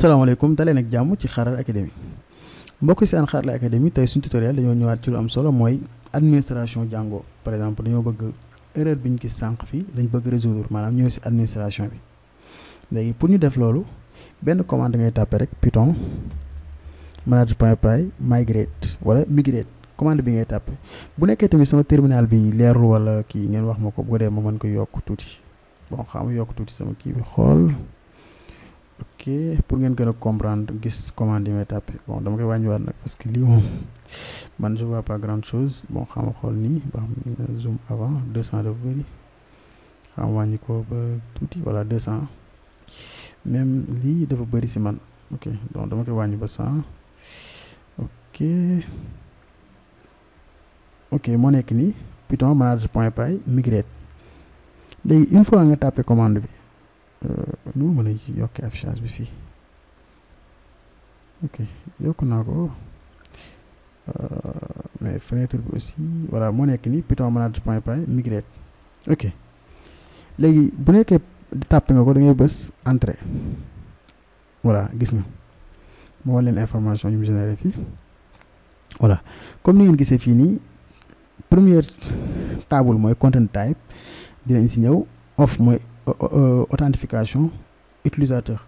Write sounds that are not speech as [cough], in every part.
salaamaaleykum daleen ak jàmm ci Xarala académie mbokk si aan Xarala académie tey suñu tutoriel dañoo ñëwaat ci lu am solo mooy administration jàngoo par exemple dañoo bëgg erreur bi ñu gis sànq fii dañ bëgg résoudre maanaam ñëw si administration bi léegi pour ñu def loolu benn commande ngay tàppe rek python manage.py migrate wala migrate commande bi ngay tàppe bu nekkee tamit sama terminal bi leerul wala kii ngeen wax ma ko bu ko dee ma mën ko yokk tuuti bon xam yokk tuuti sama kii bi xool. pour ngeen que comprendre gis commande bon dama je parce que [laughs] man vois pas grand chose bon euh, zoom avant 200 de xam je voilà 200 même li de ok donc dama ok ok mon plutôt marge point migrate une fois nga étape commande euh, suis ok yokk naa euh, mais fenêtre aussi voilà mon équilibre ni python point migrate ok les bu nekkee tàpp taper da ngay voilà gis nga information voilà comme ni ngeen fini première table je content type dinañ si of off euh, euh, authentification utilisateur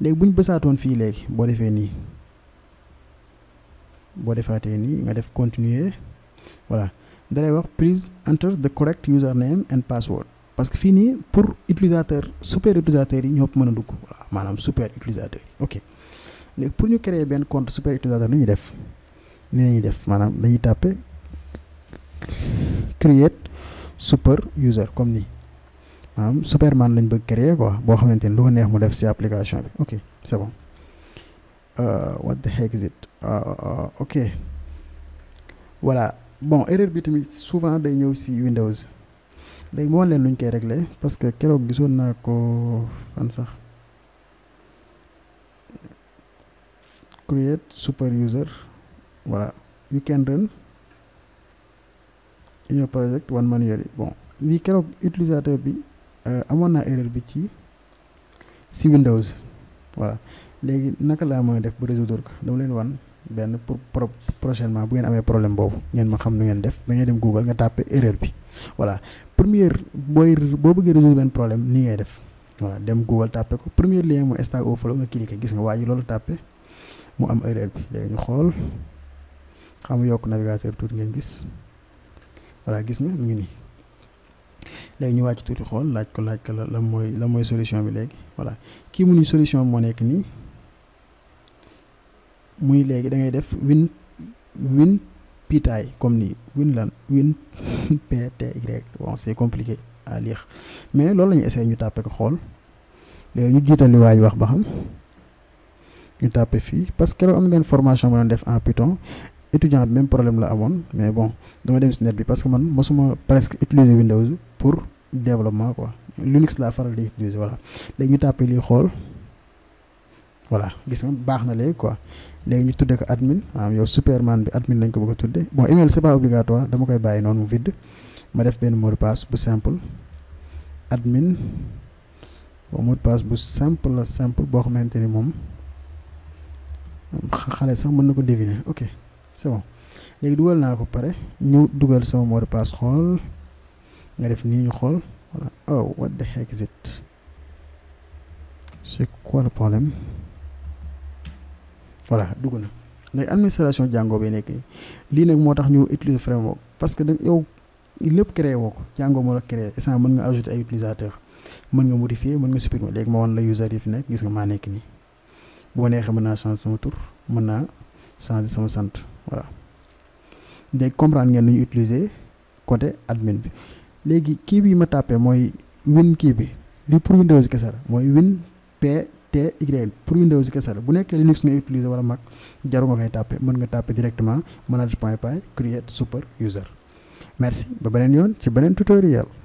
léegi bu ñu fi fii bo boo ni bo boo ni nii nga def continuer voilà d'ailleurs wax please enter the correct username and password parce que fini pour utilisateur super utilisateur yi pas a dugg voilà madame super utilisateur ok les pour ñu créer bien compte super utilisateur ñu def ni la def manam dañuy taper create super user comme ni Superman lañ bëgg créer quoi boo xamante lu ko neex mu def si application bi ok c'est bon euh, what the heck is it ah, ah, ah, ok voilà bon erreur bi tamit souvent day ñëw si Windows léegi moo leen luñ koy régler parce que keroog gisoon naa ko fan sax create super user voilà you can run in your project one manually bon lii keroog utilisateur bi. Euh, amoon naa erreur bi ci si Windows voilà léegi naka laa mën a def ba résoudre ko dama leen wan benn pour pro prochainement bu ngeen amee problème boobu ngeen ma xam nu ngeen def da ngay dem Google nga tàppe erreur bi voilà première booy boo bëggee résoudre benn problème ni ngay def voilà dem Google tàppe ko premier lien mooy stack overflow nga cliqué gis nga waa loolu tàppe mu am erreur bi léegi ñu xool xam yokk navigateur tout ngeen gis voilà gis nga mu ngi léegi ñu wàcc tuuti xool laaj ko laaj ko la la mooy la mooy solution bi léegi voilà kii mu ni solution moo nekk nii muy léegi da ngay def win win pitaay comme nii win lan win [laughs] pty bon c'est compliqué à lire mais loolu lañu ñu essayé ñu tàppe ko xool léegi ñu jiital li waa wax ba xam ñu tàppe fii parce que keroog am ngeen formation bu doon def en Python étudiant bi même problème la amoon mais bon dama dem si net bi parce que man mosuma presque utiliser Windows pour développement quoi Linux la faral di utiliser voilà léegi ñu tàppee lii xool voilà gis nga baax na léegi quoi léegi ñu tuddee ko admin am yow superman bi admin lañ ko bëgg a bon email c'est pas obligatoire dama koy bàyyi noonu mu vide ma def benn mot de passe bu simple admin bon mot de passe bu simple la simple boo xamante ni moom xale sax mën na deviner ok c'est bon léegi dugal na ko paré ñu dugal sama mot de passe xol nga def ni ñu xol voilà oh what the heck is it c'est quoi le problème voilà duguna nek administration Django bi nek li nag motax ñu utiliser framework parce que da yow lépp créé woko Django moo la créé instant mën nga ajouter ay utilisateur mën nga modifier mën nga supprimer léegi ma wan la user if nek gis nga ma nek ni bu ma neexee changer sama tour mën changer sama centre voilà léegi comprendre ngeen nu utiliser côté admin bi léegi kii bi ma tàppee mooy win kii bi li pour Windows kese mooy win p t y pour Windows kese la bu nekkee Linux ngay utiliser wala mag jaru nga koy tàppee mën nga tàppee directement manage point py create super user merci ba beneen yoon ci beneen tutoriel